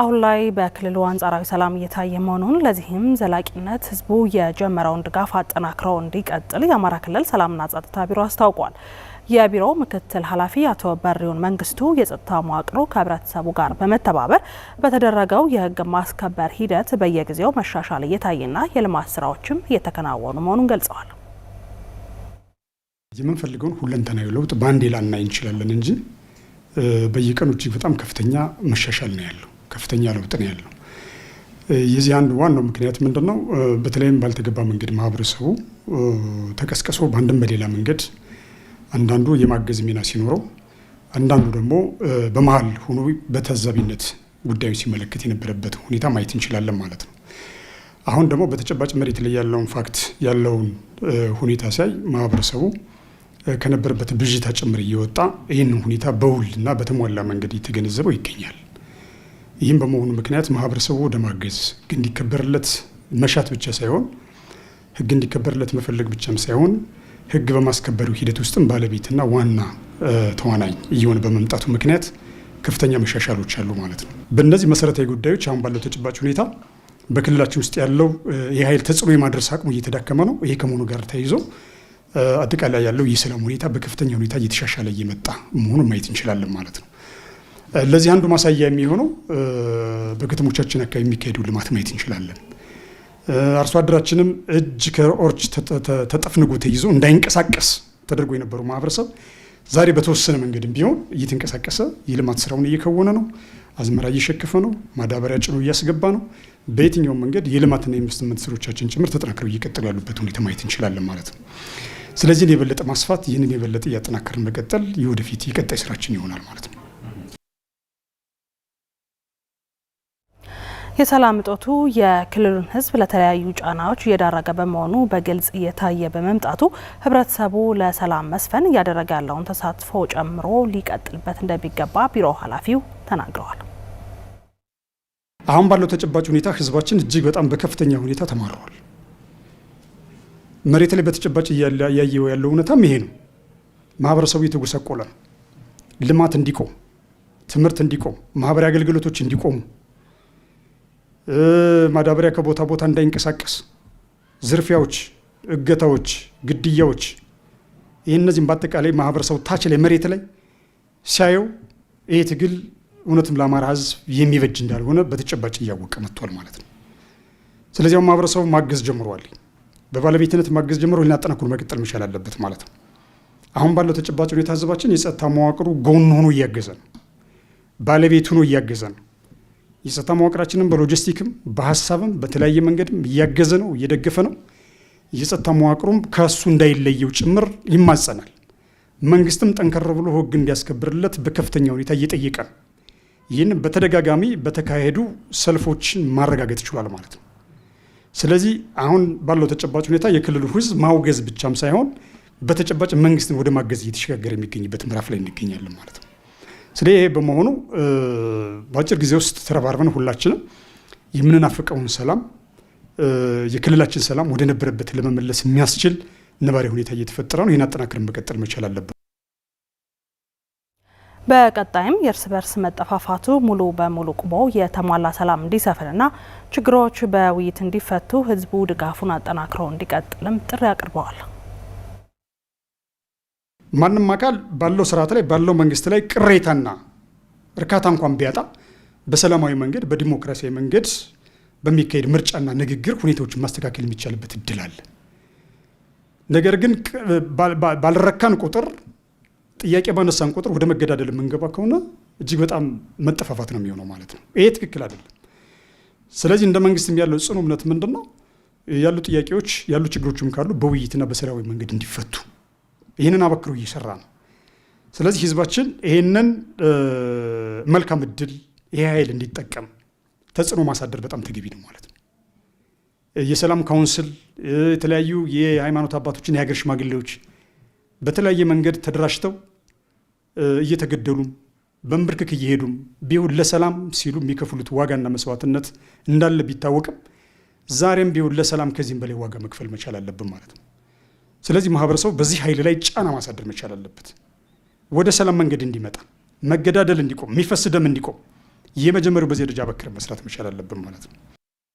አሁን ላይ በክልሉ አንጻራዊ ሰላም እየታየ መሆኑን ለዚህም ዘላቂነት ህዝቡ የጀመረውን ድጋፍ አጠናክረው እንዲቀጥል የአማራ ክልል ሰላምና ጸጥታ ቢሮ አስታውቋል። የቢሮው ምክትል ኃላፊ አቶ በሪውን መንግስቱ የጸጥታ መዋቅሩ ከህብረተሰቡ ጋር በመተባበር በተደረገው የህግ ማስከበር ሂደት በየጊዜው መሻሻል እየታየና የልማት ስራዎችም እየተከናወኑ መሆኑን ገልጸዋል። የምንፈልገውን ሁለንተናዊ ለውጥ በአንዴ ላናይ እንችላለን እንጂ በየቀኑ እጅግ በጣም ከፍተኛ መሻሻል ነው ያለው። ከፍተኛ ለውጥ ነው ያለው። የዚህ አንድ ዋናው ምክንያት ምንድን ነው? በተለይም ባልተገባ መንገድ ማህበረሰቡ ተቀስቅሶ በአንድም በሌላ መንገድ አንዳንዱ የማገዝ ሚና ሲኖረው፣ አንዳንዱ ደግሞ በመሀል ሆኖ በታዛቢነት ጉዳዩ ሲመለከት የነበረበት ሁኔታ ማየት እንችላለን ማለት ነው። አሁን ደግሞ በተጨባጭ መሬት ላይ ያለውን ፋክት ያለውን ሁኔታ ሲያይ ማህበረሰቡ ከነበረበት ብዥታ ጭምር እየወጣ ይህንን ሁኔታ እና በተሟላ መንገድ እየተገነዘበው ይገኛል። ይህም በመሆኑ ምክንያት ማህበረሰቡ ወደ ማገዝ ህግ እንዲከበርለት መሻት ብቻ ሳይሆን ህግ እንዲከበርለት መፈለግ ብቻም ሳይሆን ህግ በማስከበሩ ሂደት ውስጥም ባለቤትና ዋና ተዋናኝ እየሆነ በመምጣቱ ምክንያት ከፍተኛ መሻሻሎች አሉ ማለት ነው። በእነዚህ መሰረታዊ ጉዳዮች አሁን ባለው ተጨባጭ ሁኔታ በክልላችን ውስጥ ያለው የኃይል ተጽዕኖ የማድረስ አቅሙ እየተዳከመ ነው። ይሄ ከመሆኑ ጋር ተያይዞ አጠቃላይ ያለው የሰላም ሁኔታ በከፍተኛ ሁኔታ እየተሻሻለ እየመጣ መሆኑን ማየት እንችላለን ማለት ነው። ለዚህ አንዱ ማሳያ የሚሆነው በከተሞቻችን አካባቢ የሚካሄደው ልማት ማየት እንችላለን። አርሶ አደራችንም እጅ ከኦርች ተጠፍንጎ ተይዞ እንዳይንቀሳቀስ ተደርጎ የነበረው ማህበረሰብ ዛሬ በተወሰነ መንገድም ቢሆን እየተንቀሳቀሰ የልማት ስራውን እየከወነ ነው። አዝመራ እየሸከፈ ነው። ማዳበሪያ ጭኖ እያስገባ ነው። በየትኛውም መንገድ የልማትና የኢንቨስትመንት ስሮቻችን ጭምር ተጠናክረው እየቀጠሉ ያሉበት ሁኔታ ማየት እንችላለን ማለት ነው። ስለዚህ የበለጠ ማስፋት፣ ይህንን የበለጠ እያጠናከርን መቀጠል የወደፊት የቀጣይ ስራችን ይሆናል ማለት ነው። የሰላም እጦቱ የክልሉን ሕዝብ ለተለያዩ ጫናዎች እየዳረገ በመሆኑ በግልጽ እየታየ በመምጣቱ ህብረተሰቡ ለሰላም መስፈን እያደረገ ያለውን ተሳትፎ ጨምሮ ሊቀጥልበት እንደሚገባ ቢሮ ኃላፊው ተናግረዋል። አሁን ባለው ተጨባጭ ሁኔታ ህዝባችን እጅግ በጣም በከፍተኛ ሁኔታ ተማረዋል። መሬት ላይ በተጨባጭ እያየው ያለው እውነታም ይሄ ነው። ማህበረሰቡ የተጎሳቆለ ነው። ልማት እንዲቆም፣ ትምህርት እንዲቆም፣ ማህበራዊ አገልግሎቶች እንዲቆሙ ማዳበሪያ ከቦታ ቦታ እንዳይንቀሳቀስ፣ ዝርፊያዎች፣ እገታዎች፣ ግድያዎች ይህ እነዚህም በአጠቃላይ ማህበረሰቡ ታች ላይ መሬት ላይ ሲያየው ይህ ትግል እውነትም ለአማራ ህዝብ የሚበጅ እንዳልሆነ በተጨባጭ እያወቀ መጥቷል ማለት ነው። ስለዚህ ማህበረሰቡ ማገዝ ጀምሯል። በባለቤትነት ማገዝ ጀምሮ ሌላ መቀጠል መቻል አለበት ማለት ነው። አሁን ባለው ተጨባጭ ሁኔታ ህዝባችን የጸጥታ መዋቅሩ ጎን ሆኖ እያገዘ ነው። ባለቤት ሆኖ እያገዘ ነው። የጸጥታ መዋቅራችንም በሎጂስቲክም በሀሳብም በተለያየ መንገድም እያገዘ ነው፣ እየደገፈ ነው። የጸጥታ መዋቅሩም ከእሱ እንዳይለየው ጭምር ይማጸናል። መንግስትም ጠንከር ብሎ ህግ እንዲያስከብርለት በከፍተኛ ሁኔታ እየጠየቀ ነው። ይህን በተደጋጋሚ በተካሄዱ ሰልፎችን ማረጋገጥ ይችሏል ማለት ነው። ስለዚህ አሁን ባለው ተጨባጭ ሁኔታ የክልሉ ህዝብ ማውገዝ ብቻም ሳይሆን በተጨባጭ መንግስትን ወደ ማገዝ እየተሸጋገረ የሚገኝበት ምዕራፍ ላይ እንገኛለን ማለት ነው። ስለ ይሄ በመሆኑ በአጭር ጊዜ ውስጥ ተረባርበን ሁላችንም የምንናፍቀውን ሰላም የክልላችን ሰላም ወደ ነበረበት ለመመለስ የሚያስችል ነባሪ ሁኔታ እየተፈጠረ ነው። ይህን አጠናክርን መቀጠል መቻል አለብን። በቀጣይም የእርስ በርስ መጠፋፋቱ ሙሉ በሙሉ ቁሞ የተሟላ ሰላም እንዲሰፍንና ችግሮች በውይይት እንዲፈቱ ህዝቡ ድጋፉን አጠናክሮ እንዲቀጥልም ጥሪ አቅርበዋል። ማንም አካል ባለው ስርዓት ላይ ባለው መንግስት ላይ ቅሬታና እርካታ እንኳን ቢያጣ በሰላማዊ መንገድ በዲሞክራሲያዊ መንገድ በሚካሄድ ምርጫና ንግግር ሁኔታዎችን ማስተካከል የሚቻልበት እድል አለ። ነገር ግን ባልረካን ቁጥር ጥያቄ ባነሳን ቁጥር ወደ መገዳደል የምንገባ ከሆነ እጅግ በጣም መጠፋፋት ነው የሚሆነው ማለት ነው። ይሄ ትክክል አይደለም። ስለዚህ እንደ መንግስትም ያለው ጽኑ እምነት ምንድን ነው? ያሉ ጥያቄዎች ያሉ ችግሮችም ካሉ በውይይትና በሰላማዊ መንገድ እንዲፈቱ ይህንን አበክሮ እየሰራ ነው። ስለዚህ ህዝባችን ይህንን መልካም እድል ይሄ ኃይል እንዲጠቀም ተጽዕኖ ማሳደር በጣም ተገቢ ነው ማለት ነው። የሰላም ካውንስል የተለያዩ የሃይማኖት አባቶችን የሀገር ሽማግሌዎች በተለያየ መንገድ ተደራጅተው እየተገደሉም በንብርክክ እየሄዱም ቢሆን ለሰላም ሲሉ የሚከፍሉት ዋጋና መስዋዕትነት እንዳለ ቢታወቅም ዛሬም ቢሆን ለሰላም ከዚህም በላይ ዋጋ መክፈል መቻል አለብን ማለት ነው። ስለዚህ ማህበረሰቡ በዚህ ኃይል ላይ ጫና ማሳደር መቻል አለበት። ወደ ሰላም መንገድ እንዲመጣ፣ መገዳደል እንዲቆም፣ የሚፈስ ደም እንዲቆም የመጀመሪያው በዚህ ደረጃ በክር መስራት መቻል አለብን ማለት ነው።